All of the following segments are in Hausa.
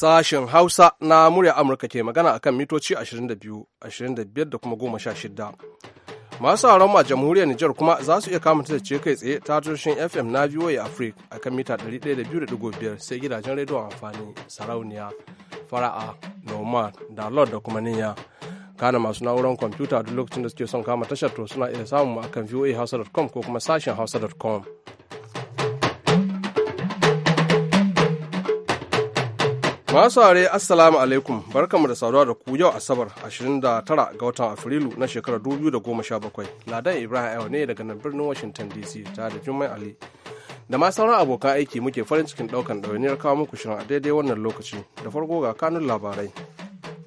Sashen Hausa na murya Amurka ke magana akan mitoci 22, 25 da kuma 16. Masu sauran ma jamhuriyar Nijar kuma za su iya kama ta ce kai tsaye ta tushen FM na VOA Africa akan mita 102.5 sai gidajen rediyon amfani sarauniya fara'a noma da lord da kuma niyya kana masu na'urar kwamfuta duk lokacin da suke son kama tashar to suna iya samun akan voahausa.com ko kuma sashen hausa.com Masu ware Assalamu alaikum barkamu da saduwa da ku yau Asabar 29 ga watan Afrilu na shekarar 2017. Ladan Ibrahim Ayo ne daga nan birnin Washington DC ta da Jummai Ali. Da ma sauran abokan aiki muke farin cikin daukan ɗawainiyar kawo muku shirin a daidai wannan lokaci da farko ga kanun labarai.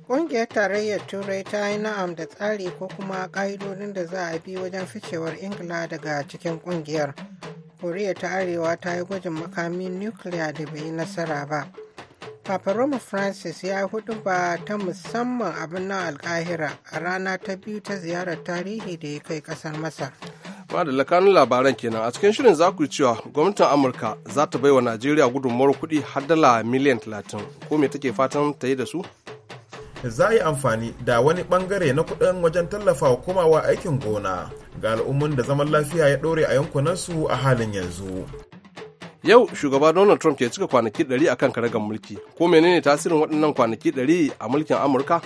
Ƙungiyar Tarayyar Turai ta yi na'am da tsari ko kuma ƙa'idodin da za a bi wajen ficewar Ingila daga cikin ƙungiyar. Koriya ta Arewa ta yi gwajin makamin nukiliya da bai yi nasara ba. Papa Roma Francis ya yi huɗuba ta musamman abin na alkahira a rana ta biyu ta ziyarar tarihi da ya kai ƙasar Masar. Ba da lakanun labaran kenan a cikin shirin za ku cewa gwamnatin Amurka za ta baiwa Najeriya gudunmawar kuɗi har dala miliyan 30 ko me take fatan ta yi da su? Za a yi amfani da wani bangare na kuɗin wajen tallafa komawa aikin gona ga al'ummun da zaman lafiya ya ɗore a yankunansu a halin yanzu. Yau shugaba Donald Trump ke cika kwanaki 100 akan karagar mulki. Ko menene tasirin waɗannan kwanaki 100 a mulkin Amurka?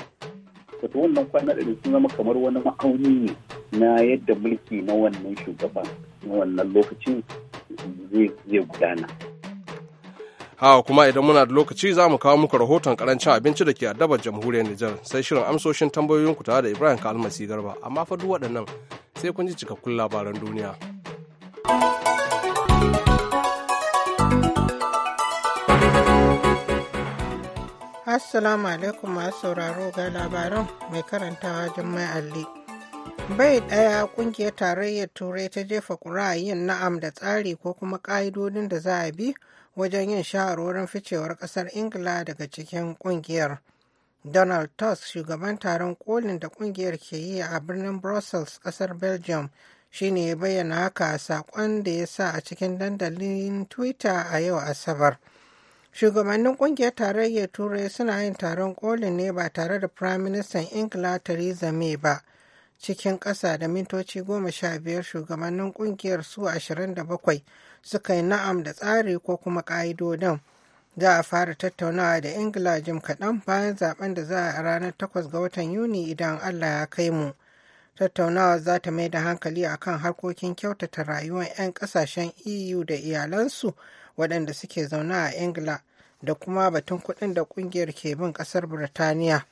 Wato wannan kwana ɗari sun zama kamar wani ma'auni ne na yadda mulki na wannan shugaban na wannan lokacin zai gudana. Hawa kuma idan muna da lokaci za mu kawo muku rahoton karancin abinci da ke addabar jamhuriyar Nijar sai shirin amsoshin tambayoyinku tare da Ibrahim Kalmasi Garba amma fa duk waɗannan sai kun ji cikakkun labaran duniya. Assalamu alaikum masu sauraro ga labaran mai karantawa Jummai Alli. Bai ɗaya ƙungiyar tarayyar Turai ta jefa ƙuri'a yin na'am da tsari ko kuma ƙa'idodin da za a bi wajen yin shawarwarin ficewar ƙasar Ingila daga cikin ƙungiyar. Donald Tusk, shugaban taron kolin da ƙungiyar ke yi a birnin Brussels, ƙasar Belgium, shine ya bayyana haka a saƙon da ya sa a cikin dandalin Twitter a yau Asabar. shugabannin kungiyar tarayyar turai suna yin taron kolin ne ba tare da prime minister ingila theresa may ba cikin ƙasa da mintoci goma sha biyar shugabannin kungiyar su ashirin da bakwai suka yi na'am da tsari ko kuma ƙa'idodin za a fara tattaunawa da ingila jim kaɗan bayan zaben da za a ranar takwas ga watan yuni idan allah ya kai mu tattaunawa za ta mai da hankali akan harkokin kyautata rayuwar 'yan ƙasashen eu da iyalansu waɗanda suke zaune a ingila da kuma batun kuɗin da ƙungiyar ke bin ƙasar Birtaniya.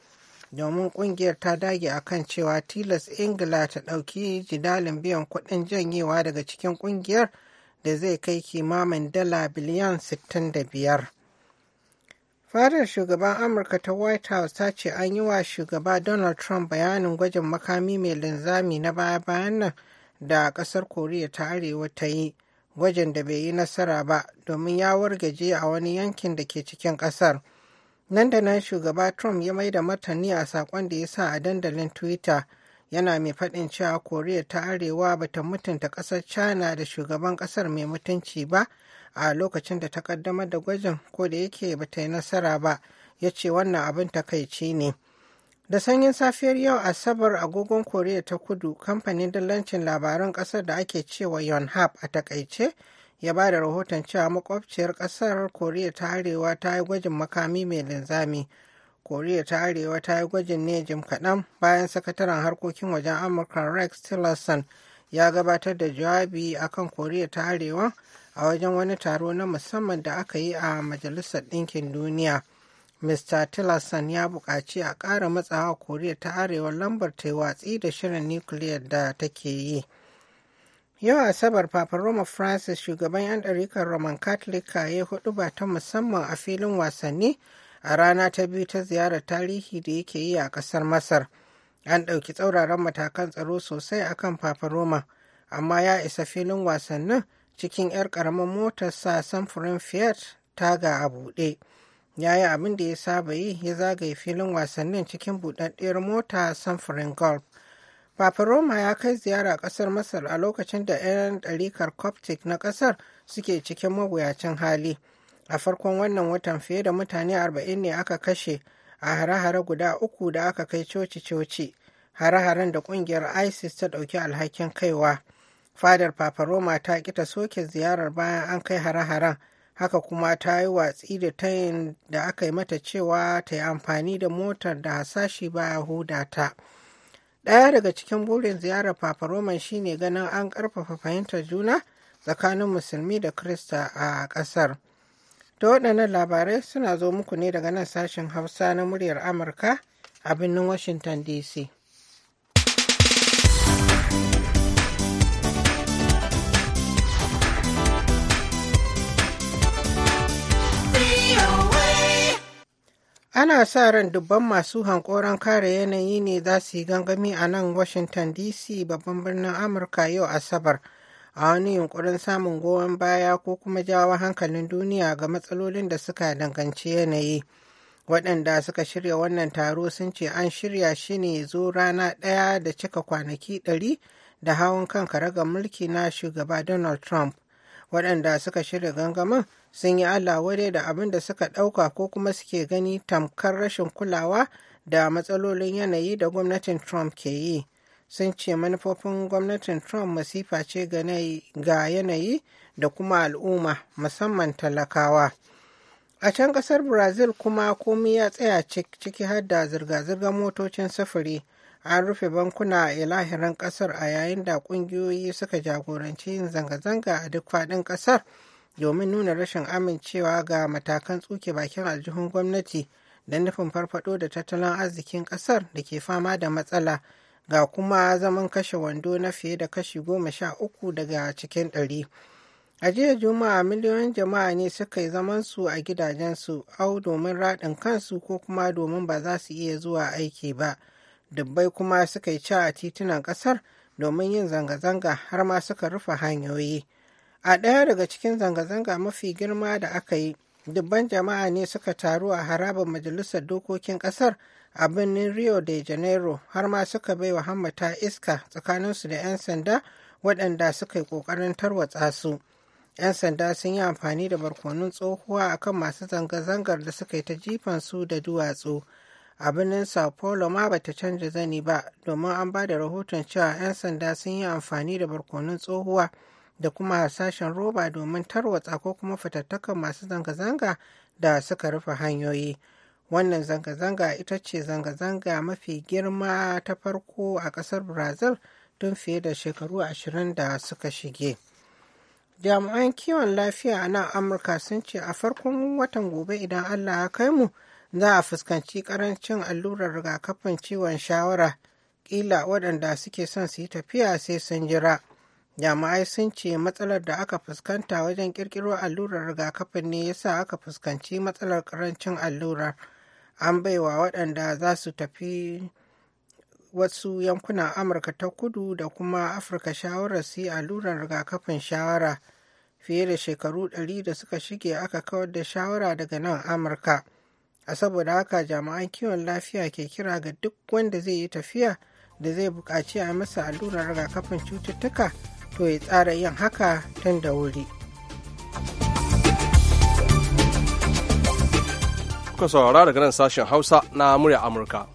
Domin ƙungiyar ta dage a kan cewa tilas Ingila ta ɗauki jidalin biyan kuɗin janyewa daga cikin ƙungiyar da zai kai kimamin dala biliyan 65. Fadar shugaban Amurka ta White House ta ce an yi wa shugaba Donald Trump bayanin gwajin makami mai linzami na baya-bayan nan da ƙasar Koriya ta Arewa ta yi. gwajin da bai yi nasara ba domin ya wargaje a wani yankin da ke cikin ƙasar. Nan da nan shugaba Trump ya mai da martani a sakon da ya sa a dandalin Twitter yana mai faɗin cewa Koriya ta Arewa ba ta mutunta ƙasar China da shugaban ƙasar mai mutunci ba a lokacin da ta ƙaddamar da gwajin ko da yake bata yi nasara ba ya ce wannan abin takaici ne. Da sanyin safiyar yau Asabar agogon Koriya ta Kudu kamfanin dillancin labaran Kasar da ake cewa Yonhap a takaice ya ba da rahoton cewa makwabciyar ƙasar Koriya ta Arewa ta yi gwajin makami mai linzami. Koriya ta Arewa ta yi gwajin ne jim kaɗan bayan sakataren harkokin wajen Amurka Rex Tillerson ya gabatar da jawabi akan Koriya ta Arewa a wajen wani taro na musamman da aka yi a Majalisar Ɗinkin Duniya. Mr. Tillerson ya buƙaci a ƙara matsawa Koriya ta Arewa lambar ta watsi da shirin nukiliyar da take yi. Yau Asabar Papa Roma Francis shugaban 'yan ɗarikar Roman Catholic ya hudu ba ta musamman a filin wasanni a rana ta biyu ta ziyarar tarihi da yake yi a ƙasar Masar. An ɗauki tsauraran matakan tsaro sosai kan Papa Roma, amma ya isa filin wasannin cikin 'yar ƙaramin motar sa samfurin Fiat taga a buɗe. ya yi abin da ya saba yi ya zagaye filin wasannin cikin buɗaɗɗiyar mota samfurin golf Papa Roma ya kai ziyara ƙasar Masar a lokacin da 'yan ɗarikar Coptic na ƙasar suke cikin mawuyacin hali. A farkon wannan watan fiye da mutane 40 ne aka kashe a hare-hare guda uku da aka kai coci-coci, hare-haren da ƙungiyar ISIS ta ɗauki alhakin kaiwa. Fadar Papa Roma ta ƙi ta soke ziyarar bayan an kai hare-haren haka kuma ta yi watsi da tayin da aka yi mata cewa ta yi amfani da motar da hasashi baya huda ta ɗaya daga cikin burin ziyarar papa roman shine ganin an ƙarfafa fahimtar juna tsakanin musulmi da krista a ƙasar Ta waɗannan labarai suna zo muku ne daga nan sashen hausa na muryar amurka a birnin washington dc ana sa ran dubban masu hankoron kare yanayi ne za su yi gangami a nan washington dc babban birnin amurka yau asabar a wani yunkurin samun goyon baya ko kuma jawo hankalin duniya ga matsalolin da suka danganci yanayi waɗanda suka shirya wannan taro sun ce an shirya shi ne zo rana ɗaya da cika kwanaki ɗari da hawan kan karagar mulki na shugaba donald trump waɗanda suka shirya gangamin sun yi allah wadai da abin da suka ɗauka ko kuma suke gani tamkar rashin kulawa da matsalolin yanayi da gwamnatin trump ke yi sun ce manufofin gwamnatin trump masifa ce ga yanayi da kuma al'umma musamman talakawa a can ƙasar brazil kuma komi ya tsaya ciki har da zirga-zirgar motocin sufuri an rufe bankuna a ilahirin kasar a yayin da kungiyoyi suka jagoranci yin zanga-zanga a duk faɗin kasar domin nuna rashin amincewa ga matakan tsuke bakin aljihun gwamnati da nufin farfado da tattalin arzikin kasar da ke fama da matsala ga kuma zaman kashe wando na fiye da kashi goma sha uku daga cikin ɗari. a jiya juma'a miliyoyin jama'a ne suka yi zamansu a gidajensu au domin raɗin kansu ko kuma domin ba za su iya zuwa aiki ba. dubbai kuma suka yi ca a titunan ƙasar domin yin zanga-zanga har ma suka rufe hanyoyi. A ɗaya daga cikin zanga-zanga mafi girma da aka yi, dubban jama'a ne suka taru a harabar majalisar dokokin ƙasar a birnin Rio de Janeiro har ma suka bai wa hammata iska tsakaninsu da 'yan sanda waɗanda suka yi ƙoƙarin tarwatsa su. 'Yan sanda sun yi amfani da barkonun tsohuwa akan masu zanga-zangar da suka yi ta jifan su da duwatsu. a birnin sao paulo ma bata canza zani ba domin an ba da rahoton cewa 'yan sanda sun yi amfani da barkonon tsohuwa da kuma hasashen roba domin tarwatsa ko kuma fitattakan masu zanga-zanga da suka rufe hanyoyi wannan zanga-zanga ita ce zanga-zanga mafi girma ta farko a ƙasar brazil tun fiye da shekaru ashirin da suka shige jami'an kiwon lafiya a nan amurka sun ce a farkon watan gobe idan allah ya kai mu za a fuskanci karancin allurar rigakafin ciwon shawara kila waɗanda suke son su yi tafiya sai sun jira Jama'ai sun ce matsalar da aka fuskanta wajen kirkiro allurar rigakafin ne yasa aka fuskanci matsalar karancin allurar an baiwa waɗanda za su tafi wasu yankunan amurka ta kudu da kuma afirka shawarar su yi allurar rigakafin shawara fiye da shekaru ɗari da suka shige aka kawar da shawara daga nan amurka a saboda haka jami'an kiwon lafiya ke kira ga duk wanda zai yi tafiya da zai buƙaci a masa allurar rigakafin cututtuka to ya tsara yin haka tun da wuri. Kuka saurara daga nan sashen Hausa na murya Amurka.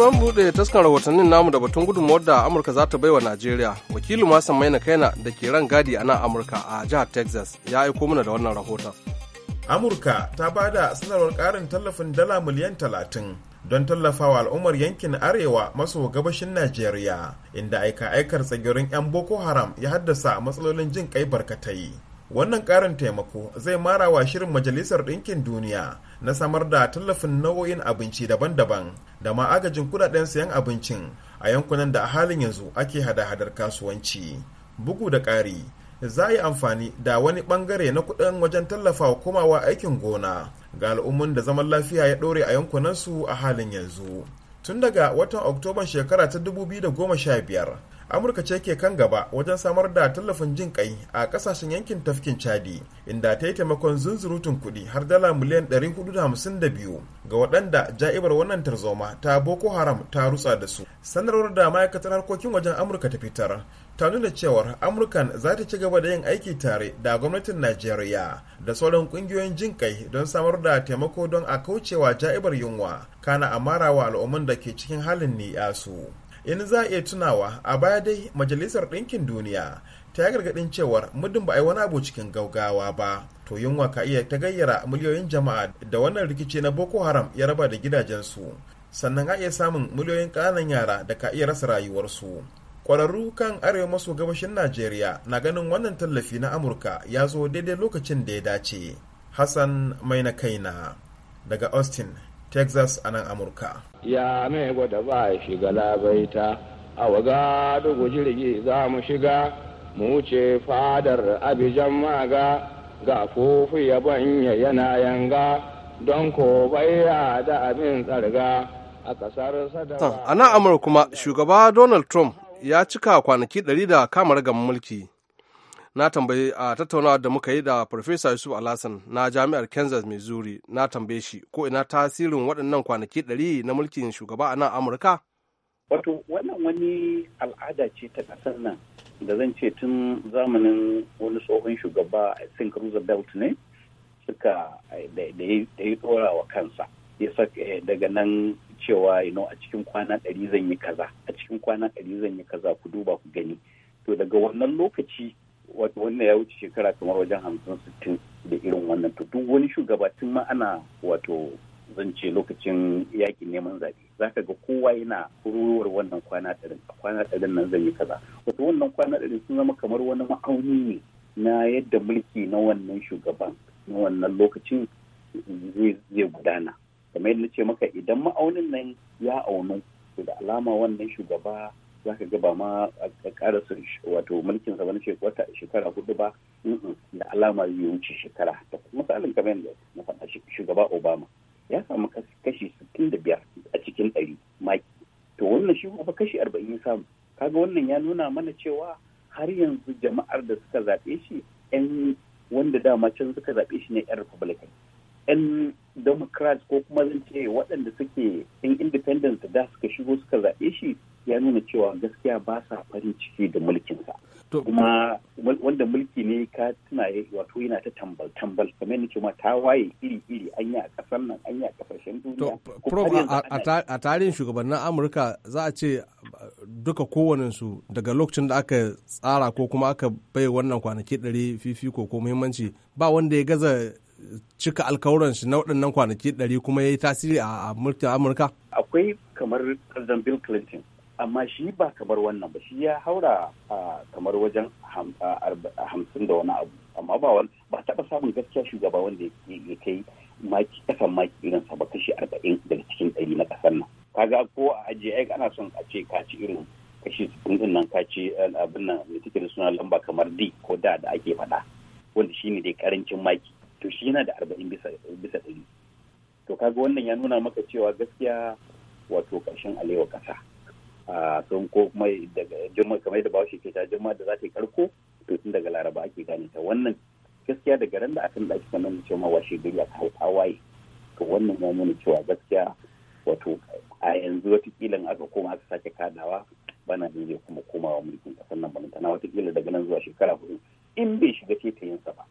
za mu buɗe taskar rahotannin namu da batun gudunmawar da Amurka za ta bai wa Najeriya. Wakilin Masan Maina Kaina da ke ran gadi a nan Amurka a jihar Texas ya aiko mana da wannan rahoton. Amurka ta ba da sanarwar ƙarin tallafin dala miliyan talatin don tallafawa al'ummar yankin arewa maso gabashin Najeriya, inda aika aikar tsagirin 'yan Boko Haram ya haddasa matsalolin jin kai barkatai. wannan karin taimako zai marawa shirin majalisar ɗinkin duniya na samar da tallafin nau'o'in abinci daban-daban da ma agajin kudaden sayan abincin a yankunan da a halin yanzu ake hada-hadar kasuwanci bugu da ƙari za a yi amfani da wani bangare na kudin wajen tallafawa komawa aikin gona ga al'ummun da zaman lafiya ya ɗore a yankunansu a halin yanzu tun daga watan oktoban shekara ta 2015 amurka ce ke kan gaba wajen samar da tallafin jin kai a kasashen yankin tafkin chadi inda ta yi taimakon zunzurutun kuɗi har dala miliyan 452 ga waɗanda ja'ibar wannan tarzoma ta boko haram ta rutsa da su sanarwar da ma'aikatar harkokin wajen amurka ta fitar ta nuna cewar amurkan za ta ci gaba da yin aiki tare da gwamnatin najeriya da sauran kungiyoyin jin kai don samar da taimako don a kaucewa ja'ibar yunwa kana amara wa al'umman da ke cikin halin su, in za a iya tunawa a baya dai majalisar ɗinkin duniya ta yi gargaɗin cewar muddin ba a yi wani abu cikin gaugawa ba to yunwa ka iya ta gayyara miliyoyin jama'a da wannan rikici na boko haram ya raba da gidajensu sannan a iya samun miliyoyin ƙananan yara da ka iya rasa rayuwarsu kwararru kan arewa maso gabashin najeriya na ganin wannan tallafi na amurka ya zo daidai lokacin da ya dace hassan mai na kaina daga austin texas a nan amurka ya mai gwada ba shiga labaita a waga dugu jirgi za mu shiga mu wuce fadar abijan maga ga kofi ya banya yana yanga don ko baya da abin tsarga a kasar sadawa. a nan amurka kuma shugaba donald trump ya cika kwanaki ɗari da kama ragamin mulki na tambayi a tattaunawa da muka yi da farfesa yusuf alhassan na jami'ar kansas missouri na tambaye shi ko ina tasirin waɗannan kwanaki ɗari na mulkin shugaba a nan amurka wato wannan wani al'ada ce ta ƙasar nan da zan ce tun zamanin wani tsohon shugaba i think roosevelt ne suka da ya kansa wa kansa eh, daga nan cewa you know, a cikin kwana ɗari zan yi kaza a cikin kwana ɗari zan yi kaza ku duba ku gani to daga wannan lokaci wannan ya wuce shekara kamar wajen hamsin sittin da irin wannan to duk wani shugaba tun ma ana wato zance lokacin yakin neman zaɓe za ka ga kowa yana kururuwar wannan kwana ɗarin a kwana ɗarin nan zan yi kaza wato wannan kwana ɗarin sun zama kamar wani ma'auni ne na yadda mulki na wannan shugaban na wannan lokacin zai gudana kamar yadda ce maka idan ma'aunin nan ya aunu to da alama wannan shugaba za ka ba ma a ƙara su wato mulkin sa wani shekara hudu ba da alama ya wuce shekara ta misalin kamar yadda na faɗa shugaba obama ya samu kashi sittin da biyar a cikin ɗari maki to wannan shi kuma kashi arba'in ya samu kaga wannan ya nuna mana cewa har yanzu jama'ar da suka zaɓe shi 'yan wanda dama can suka zaɓe shi ne 'yan republican 'yan democrats ko kuma zan ce waɗanda suke in independence da suka shigo suka zaɓe shi ya nuna cewa gaskiya ba sa farin ciki da mulkinsa kuma wanda mulki ne ka tuna wato yana ta tambal tambal kamar nake ma ta waye iri iri an yi a kasar nan an yi a kasashen duniya a tarihin shugabannin amurka za a ce duka su daga lokacin da aka tsara ko kuma aka bai wannan kwanaki ɗari fifiko ko muhimmanci ba wanda ya gaza cika alkawuran shi na waɗannan kwanaki ɗari kuma ya yi tasiri a mulkin amurka akwai kamar president bill clinton amma shi ba kamar wannan ba shi ya haura kamar wajen hamsin da wani abu amma ba wani ba taɓa samun gaskiya shugaba wanda ya kai maki kasan maki sa ba kashi arba'in daga cikin ɗari na ƙasar nan kaga ko a ajiye ai ana son a ce ka ci irin kashi din nan ka ci eh, abin nan da take da suna lamba kamar D ko da da ake faɗa wanda shine dai karancin maki to shi yana da arba'in bisa ɗari to kaga wannan ya nuna maka cewa gaskiya wato ƙarshen alewa ƙasa a sun ko kuma daga juma kamar da bawashi ke ta juma da za ta yi karko to tun daga laraba ake gane ta wannan gaskiya daga ran da aka ɗaki sannan da cewa washe gari a kawo tawaye to wannan ya nuna cewa gaskiya wato a yanzu watakila aka koma aka sake kadawa bana ne zai kuma komawa mulkin ƙasar nan balantana watakila daga nan zuwa shekara hudu in bai shiga tetayensa ba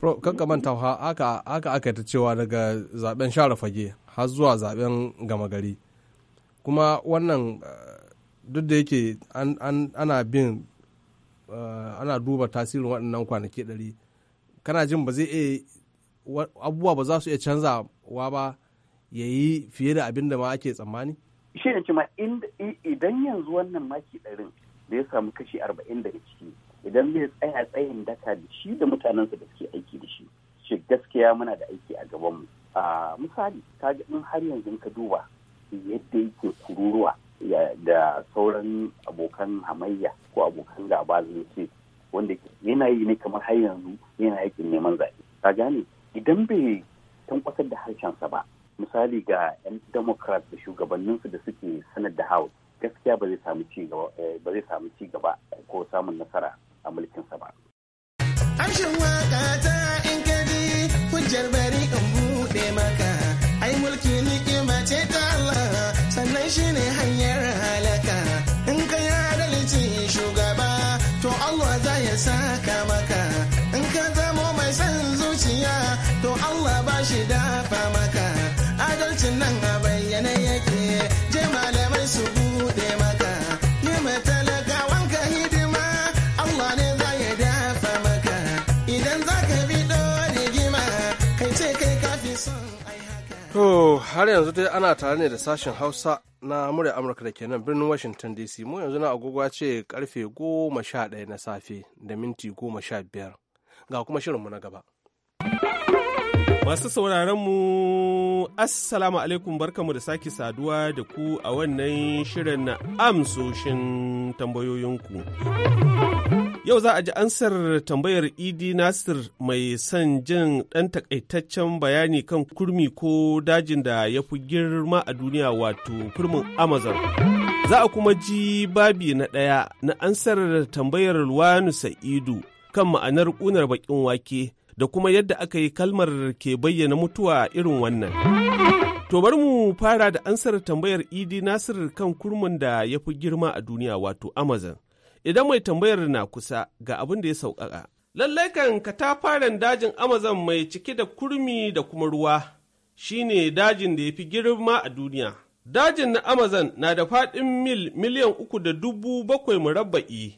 kanka manta haka aka aka ta cewa daga zaben share fage har zuwa zaben gama gari kuma wannan eh, duk da yake ana bin eh, ana duba tasirin waɗannan kwanaki ɗari kana jin ba zai iya abubuwa ba za su iya canza wa ba ya yi fiye da abin da ma ake tsammani? shi ne ma idan yanzu wannan maki ɗarin da ya samu kashi arba'in daga ciki idan zai tsaya tsayin daka da shi da mutanensa da suke aiki da shi shi gaskiya muna da aiki a gabanmu a misali ta in har yanzu ka duba yadda yake kururuwa da sauran abokan hamayya ko abokan gaba zai ce wanda yana yi ne kamar har yanzu yana yakin neman zaɓe ka gane idan bai tankwasar da harshen sa ba misali ga 'yan democrat da shugabanninsu da suke sanar da house gaskiya ba zai samu ci gaba eh, ko samun nasara a sa ba. Amshin waka ta in ka hujjar bari in buɗe maka. har yanzu dai ana tare ne da sashen hausa na murya amurka da ke nan birnin washington dc mu yanzu na agogo ce karfe goma sha ɗaya na safe da minti goma sha biyar ga kuma shirinmu na gaba masu sauraron mu assalamu alaikum barkamu da sake saduwa da ku a wannan shirin na amsoshin tambayoyinku. Yau za a ji ansar tambayar Idi Nasir mai son jin ɗan takaitaccen bayani kan kurmi ko dajin da ya fi girma a duniya wato kurmin Amazon. Za a kuma ji babi na ɗaya na ansar tambayar Luwanu Sa'idu kan ma'anar ƙunar baƙin wake da kuma yadda aka yi kalmar ke bayyana mutuwa irin wannan. To bari mu fara da ansar tambayar Idi Nasir kan kurmin da ya fi girma a duniya wato Amazon. Idan mai tambayar na kusa ga abin da ya sauƙaƙa. Lallai kan katafaren dajin Amazon mai cike da kurmi da kuma ruwa shine dajin da ya fi girma a duniya. Dajin na Amazon na da faɗin mil miliyan uku da dubu bakwai murabba'i.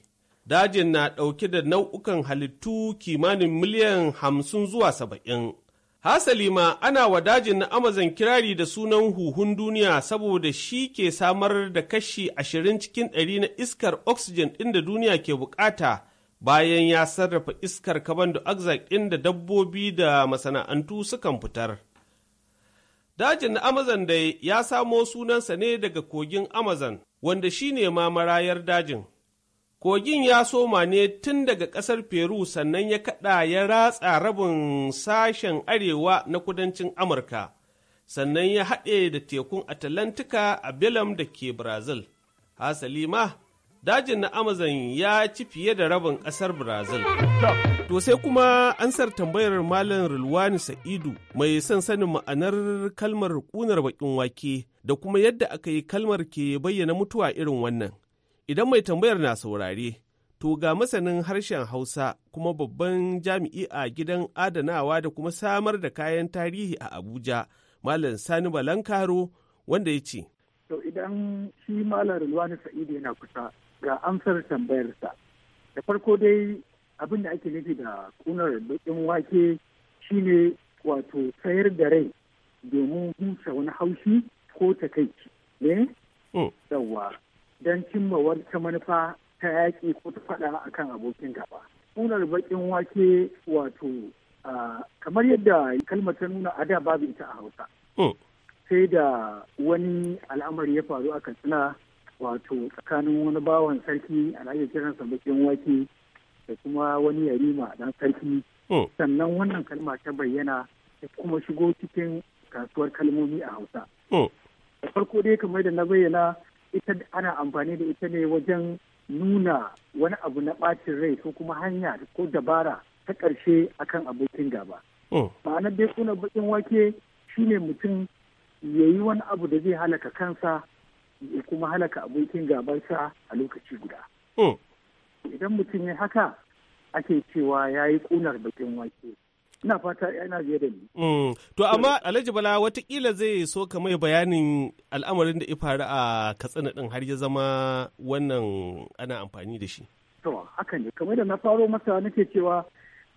Dajin na ɗauke da nau'ukan halittu kimanin miliyan hamsin zuwa saba'in. Hasali ma ana wa dajin na Amazon kirari da sunan huhun duniya saboda shi ke samar da kashi ashirin cikin ɗari na iskar oxygen ɗin da duniya ke bukata bayan ya sarrafa iskar carbon dioxide ɗin da dabbobi da masana'antu sukan fitar. Dajin na Amazon dai ya samo sunansa ne daga kogin Amazon wanda shine ma marayar dajin. Kogin ya soma ne tun daga ƙasar Peru sannan ya kaɗa ya ratsa rabin sashen arewa na kudancin Amurka, sannan ya haɗe da tekun Atalantika a Belam da ke Brazil. Hasali ma, dajin na Amazon ya ci fiye da rabin ƙasar Brazil. To sai kuma an ansar tambayar Malam Rulwani Sa'idu mai son sanin ma'anar kalmar ƙunar baƙin wake da kuma yadda aka yi kalmar ke bayyana mutuwa irin wannan. Idan mai tambayar na saurare, to ga masanin harshen Hausa kuma babban jami'i a gidan adanawa da kuma samar da kayan tarihi a Abuja, Malam Sani Balankaro wanda ya ce. To idan shi Malam Rulwani Sa'idu yana kusa ga amsar tambayarsa. Da farko dai abin da ake nufi da kunar bakin wake shine wato sayar da rai domin huce wani haushi ko takaici. Ne? Eh? Hmm. Yawwa. don cimma wata manufa ta yaƙi ko ta faɗa akan abokin gaba. Ƙunar baƙin wake wato kamar yadda kalmar ta nuna a da babu ita a Hausa. Hmm. Sai da wani al'amari ya faru a Katsina wato tsakanin wani bawan sarki a kiran sa baƙin wake da kuma wani yarima dan sarki. Hmm. Sannan wannan kalma ta bayyana ta kuma shigo cikin kasuwar kalmomi a Hausa. Hmm. Da farko dai kamar da na bayyana ita ana amfani da ita ne wajen nuna wani abu na ɓacin rai ko kuma hanya ko dabara ta ƙarshe akan abokin gaba. Hmm. Ma'anar dai kuna bakin wake shine mutum ya yi wani abu da zai halaka kansa ya kuma halaka abokin gabansa a lokaci guda. Hmm. Idan mutum ya haka ake cewa ya yi kunar bakin wake. ina fata yana biye da ni. Mm. To amma Alhaji Bala watakila zai so ka mai bayanin al'amarin da ya faru a Katsina din har ya zama wannan ana amfani da shi. To haka ne kamar da na faro masa nake cewa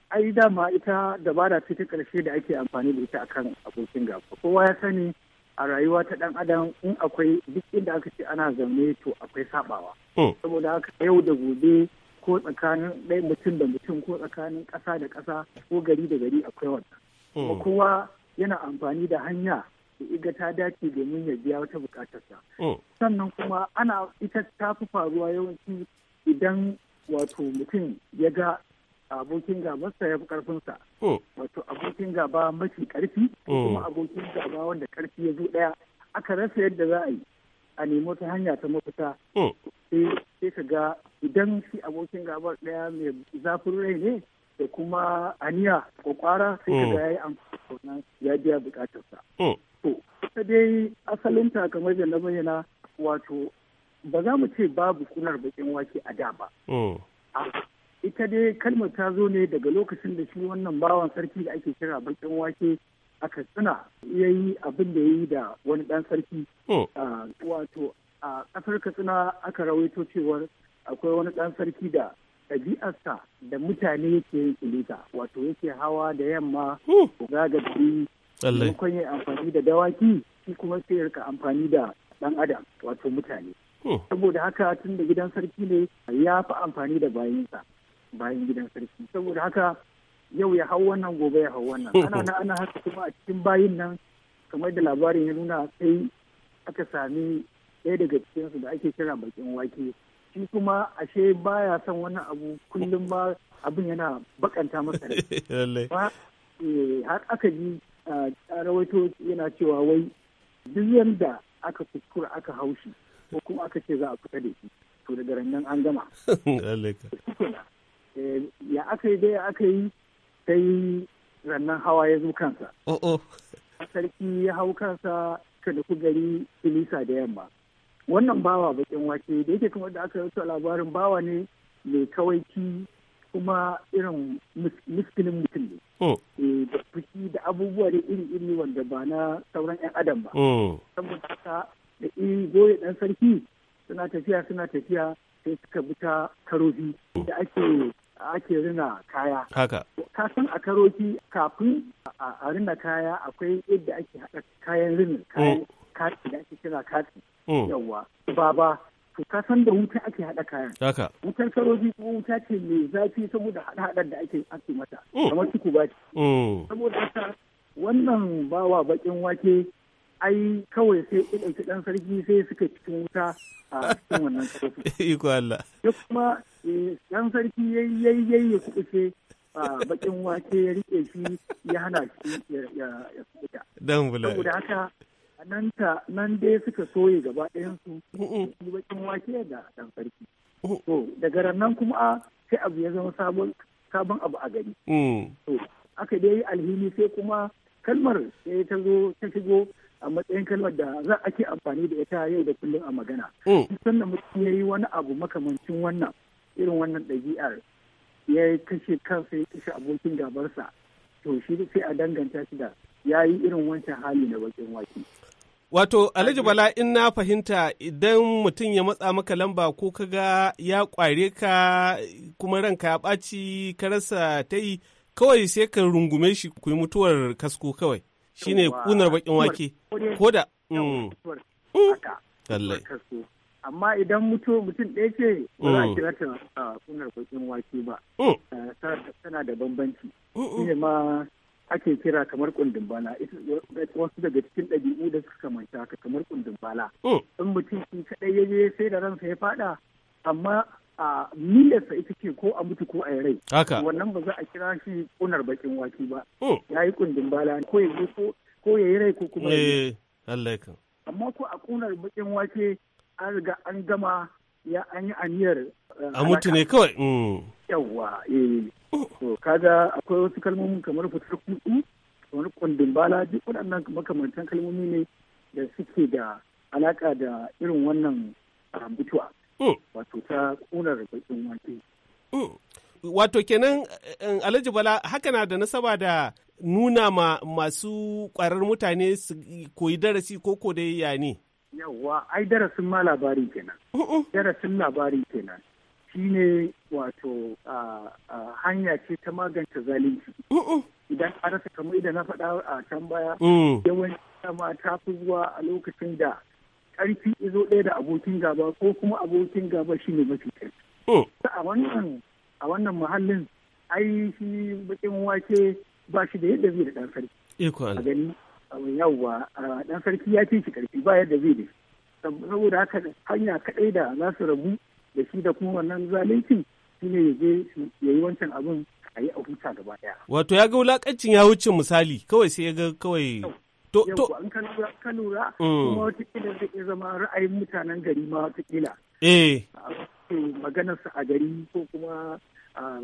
ai dama ita dabara ce ta karshe da ake amfani da ita akan abokin gaba. Kowa ya sani a rayuwa ta dan adam in akwai duk inda aka ce ana zaune to akwai sabawa. Mm. Saboda haka yau da gobe ko tsakanin ɗaya mutum da mutum ko tsakanin ƙasa da ƙasa ko gari da gari akwai wannan. Kuma hmm. kowa yana amfani da hanya da iga ta dace domin ya biya wata buƙatarsa. Hmm. Sannan kuma ana ita ta fi faruwa yawanci idan wato mutum ya ga abokin gabansa ya fi ƙarfinsa. Hmm. Wato abokin gaba mafi ƙarfi kuma abokin gaba wanda ƙarfi ya zo ɗaya aka rasa yadda za a yi a nemo ta hanya ta mafita sai ka ga idan shi abokin gabar daya mai zafin rai ne da kuma aniya kwara. sai ka ga mm. ya yi amfani ya biya bukatarsa. Mm. To, ta dai asalin kamar da na bayyana wato ba za mu ce babu kunar bakin wake a da ba. Mm. Ita dai kalmar ta zo ne daga lokacin da shi wannan bawan sarki da ake kira bakin wake a Katsina ya yi abin da ya yi da wani ɗan sarki. Wato a ƙasar Katsina aka rawaito cewar akwai wani ɗan sarki da ɗabi'arsa da mutane yake yin wato yake hawa da yamma gagabi maimakon yi amfani da dawaki shi kuma sai rika amfani da ɗan adam wato mutane saboda haka tun da gidan sarki ne ya fi amfani da bayansa bayan gidan sarki saboda haka yau ya hau wannan gobe ya hau wannan ana na ana haka kuma a cikin bayin nan kamar da labarin ya nuna sai aka sami ɗaya daga cikinsu da ake kira bakin wake shi kuma ashe baya son wani abu kullum ba abin yana bakanta masa rai eh, har aka yi ji rawaito yana cewa wai duk yanda aka kuskura aka haushi ko kuma aka ce za a fita da shi to daga rannan an gama eh, ya aka yi dai aka yi sai rannan hawa ya zo kansa oh, oh. sarki ya hau kansa kada ku gari kilisa da yamma wannan bawa bakin wake da yake kuma da aka yi labarin bawa ne mai kawaici kuma irin miskinin mutum ne. Oh. Eh, da fushi da abubuwa da iri-iri wanda ba na sauran 'yan adam ba. Oh. Saboda haka da iri goye ɗan sarki suna tafiya suna tafiya sai suka bi ta karofi oh. da ake ake rina kaya. Haka. Ka san a karofi kafin a rina kaya akwai yadda ake haɗa kayan rinin kayan kati da ake kira kati mm. ba ba, to ka san da wuta ake haɗa kayan haka wutar saroji ko wuta ce mai zafi saboda haɗa haɗar da ake ake mata mm. kamar ciku ba ce mm. saboda haka wannan bawa bakin wake ai kawai sai ya ɗauki ɗan sarki sai suka cikin wuta a cikin wannan sarki. Iko Allah. Ya kuma eh, ɗan sarki ya yi yayi ya ce bakin wake ya riƙe shi ya hana shi ya kuɓuta. Dan bula. Saboda haka nan ta nan dai suka soye gaba ɗayan su su bakin wake da dan sarki to daga nan kuma sai abu ya zama sabon sabon abu a gari mm. to aka dai yi alhini sai kuma kalmar sai ta zo ta shigo a matsayin kalmar da za ake amfani da ita yau da kullum a magana mm. sannan mutum ya yi wani abu makamancin wannan irin wannan ɗabi'ar ya kashe kansa ya kashe abokin gabarsa to shi sai a danganta shi da ya yi irin wancan hali na bakin wake Wato Alhaji Bala in na fahimta idan mutum ya matsa maka lamba ko kaga ya kware ka kuma ranka ya ɓaci ka rasa ta yi kawai sai ka rungume shi ku yi mutuwar kasko kawai shi ne kunar bakin wake ko da mm. Mm. amma idan mutum ɗaya ce ba za a mm. kira ta kunar ah, bakin wake ba eh, tana da bambanci ma ake kira kamar kundin bala wasu daga cikin ɗabi'u da suka kamanta ka kamar kundin bala oh. in mutum shi kaɗai ya je sai da ransa ya faɗa amma a milarsa ita ce ko a mutu ko a rai wannan ba za a kira shi kunar bakin waki ba oh. ya yi kundin bala ko ya je ko ya yi rai ko kuma ya eh, amma ko a kunar bakin wake an riga an gama ya an yi aniyar eh, a mutu ne kawai mm. yawwa eh oh. to kaga akwai wasu kalmomi kamar fitar kuɗi kamar kundin bala duk waɗannan makamantan kalmomi ne da suke da alaƙa da irin wannan ah, mutuwa oh. wato ta kunar bakin wake oh. wato kenan eh, eh, alhaji bala haka na da nasaba da nuna ma masu kwarar mutane su koyi darasi ko ko ya ne yawwa ai darasin ma labari kenan darasin labari kenan shine wato hanya ce ta magance zalunci. Idan an rasa kamar idan na faɗa a can baya, mm. yawan dama ta fi zuwa a lokacin da ƙarfi izo ɗaya da abokin gaba ko kuma abokin gaba shi ne mafi ƙarfi. Mm. A wannan a wannan muhallin ai shi bakin wake ba shi da yadda zai da ɗan sarki. A gani yawwa ɗan sarki ya ce shi ƙarfi ba yadda zai da saboda haka hanya kaɗai da za su rabu da shi da kuma wannan zalunci shi ne ya je ya yi wancan abin a yi a huta gaba ɗaya. Wato ya ga wulakancin ya wuce misali kawai sai ya ga kawai. To to an ka lura mm. kuma watakila zai iya zama ra'ayin mutanen gari ma watakila. Eh. Maganarsa a gari ko kuma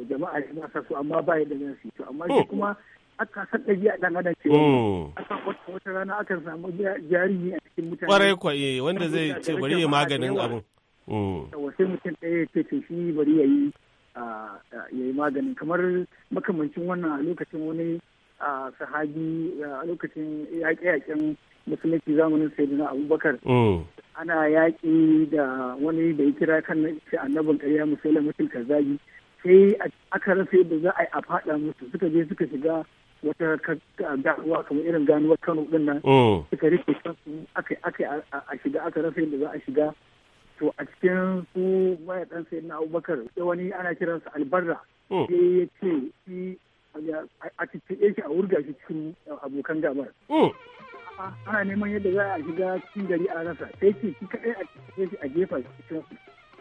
jama'a ya masa su amma ba yadda zan su amma shi mm. kuma aka san a ɗan adam ce mm. aka wata rana aka samu jarumi a cikin mutane. Kwarai kwaye eh, wanda zai ce bari ya maganin abin. Oh. wasu mutum ɗaya ce to shi bari ya yi ya yi magani kamar makamancin wannan a lokacin wani sahabi a lokacin yaƙe-yaƙen musulunci zamanin sayyidina abubakar oh. ana yaƙi da wani da ya kira kan shi annabin ƙarya musulun mutum kazabi sai aka rasa yadda za a yi a faɗa musu suka je suka shiga wata ganuwa kamar irin ganuwar kano ɗin nan oh. suka rike kansu aka a shiga aka rasa yadda za a shiga to a cikin su mayaɗan sai na abubakar sai wani ana kiransa albarra hmm. sai ya ce shi a cikin shi a wurga shi cikin eh, abokan gabar hmm. ana neman yadda za a shiga cikin gari a rasa sai ce shi kaɗai a cikin shi a gefen shi cikin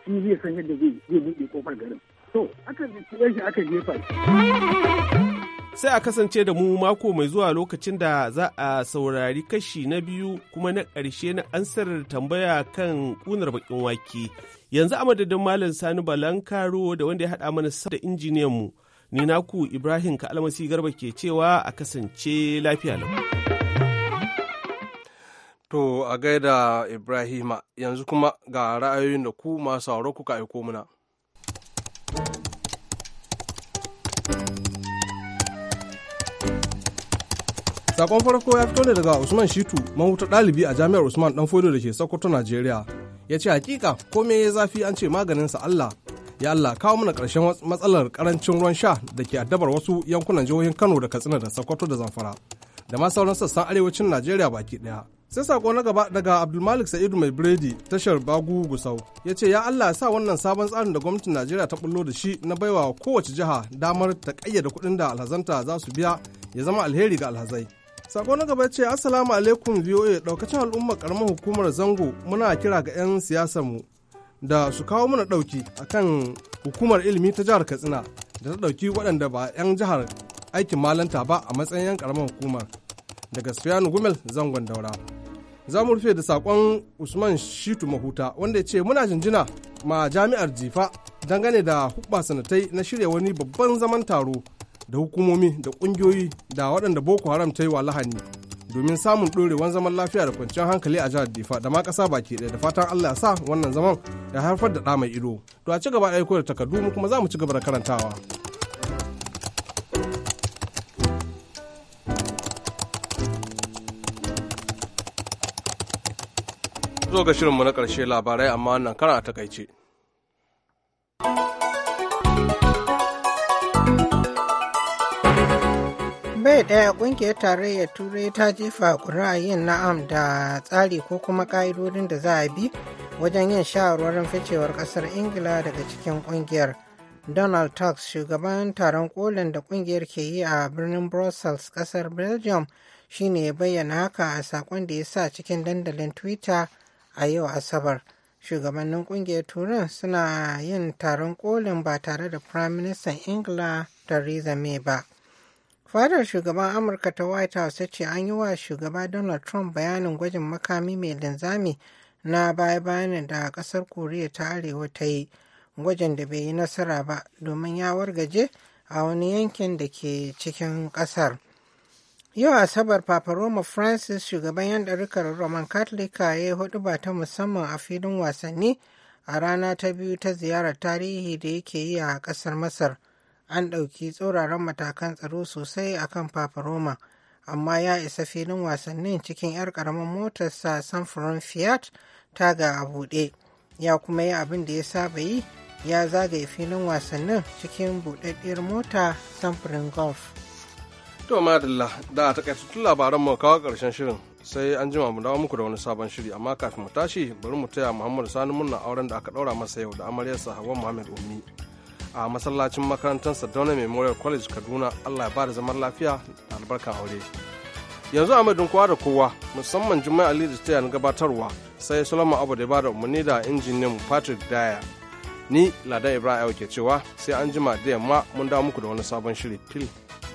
shi zai san yadda zai buɗe kofar garin to aka cikin shi aka jefa shi sai a kasance da mu mako mai zuwa lokacin da za a saurari kashi na biyu kuma na ƙarshe na ansar tambaya kan ƙunar bakin wake yanzu a madadin malam sani balan da wanda ya haɗa mana sa da injiniyan mu ni naku ibrahim ka almasi garba ke cewa a kasance lafiya lau to a gaida ibrahima yanzu kuma ga ra'ayoyin da ku masu sauro kuka aiko mana Sakon farko ya fito ne daga Usman Shitu, mahuta dalibi a Jami'ar Usman Danfodo da ke Sokoto, Najeriya. Ya ce hakika komai ya zafi an ce maganin sa Allah. Ya Allah kawo mana karshen matsalar karancin ruwan sha da ke addabar wasu yankunan jihohin Kano da Katsina da Sokoto da Zamfara. Da ma sauran sassan arewacin Najeriya baki ɗaya. sai sako na gaba daga abdulmalik sa'idu mai biredi tashar bagu gusau ya ce ya allah sa wannan sabon tsarin da gwamnatin najeriya ta bullo da shi na baiwa kowace jiha damar ta kayyada kuɗin da alhazanta za su biya ya zama alheri ga alhazai Sako na gaba ce Assalamu alaikum VOA daukacin al'umma karamar hukumar Zango muna kira ga 'yan mu da su kawo mana dauki kan hukumar ilimi ta jihar Katsina da ta dauki waɗanda ba 'yan jihar aikin malanta ba a matsayin 'yan karamar hukumar daga Sufiyanu Gumel Zangon Daura. Za mu rufe da sakon Usman Shitu Mahuta wanda ya ce muna jinjina ma jami'ar Jifa dangane da hubba sanatai na shirya wani babban zaman taro da hukumomi da ƙungiyoyi da waɗanda boko haram ta yi wa lahani domin samun ɗorewan zaman lafiya da kwanciyar hankali a jihar difa da ma ƙasa baki ɗaya da fatan allah ya sa wannan zaman ya haifar da ɗa mai ido to a ci gaba da aiko da takardu mu kuma za mu ci gaba da karantawa zo ga shirinmu na ƙarshe labarai amma wannan kara a takaice. tambaya daya kungiyar tarayyar turai ta jefa ƙuri'a yin na'am da tsari ko kuma ƙa'idodin da za a bi wajen yin shawarwarin ficewar ƙasar ingila daga cikin kungiyar donald tusk shugaban taron kolin da kungiyar ke yi a birnin brussels ƙasar belgium shine ya bayyana haka a sakon da ya sa cikin dandalin twitter a yau asabar shugabannin kungiyar turan suna yin taron kolin ba tare da Firaministan ingila da may ba fadar shugaban amurka ta white house ta ce an yi wa shugaba donald trump bayanin gwajin makami mai linzami na baya bayanin da kasar koriya ta arewa ta yi gwajin da bai yi nasara ba domin ya wargaje a wani yankin da ke cikin kasar yau asabar papa roma francis shugaban yan ɗarikar roman catholic ya yi hudu ba ta musamman a filin wasanni a rana ta biyu ta ziyarar tarihi da yake yi a kasar masar an ɗauki tsauraran matakan tsaro sosai a kan Papa Roma, amma ya isa filin wasannin cikin 'yar ƙaramin motarsa samfurin Fiat ta ga a buɗe. Ya kuma yi abin da ya saba yi, ya zagaye filin wasannin cikin buɗaɗɗiyar mota samfurin golf. To madalla da a tun labaran mu kawo ƙarshen shirin sai an jima mu dawo muku da wani sabon shiri amma kafin mu tashi bari mu taya Muhammadu Sani murna auren da aka ɗaura masa yau da amaryarsa Hawwa Muhammad Ummi. a masallacin makarantar Sardauna Memorial College Kaduna Allah ya ba da zaman lafiya da albarkan aure. Yanzu a madin kowa da kowa musamman Jummai Ali da ta gabatarwa sai Solomon Abu da ba da umarni da injiniyan Patrick Daya. Ni Ladan Ibrahim ke cewa sai an jima da yamma mun dawo muku da wani sabon shiri fil.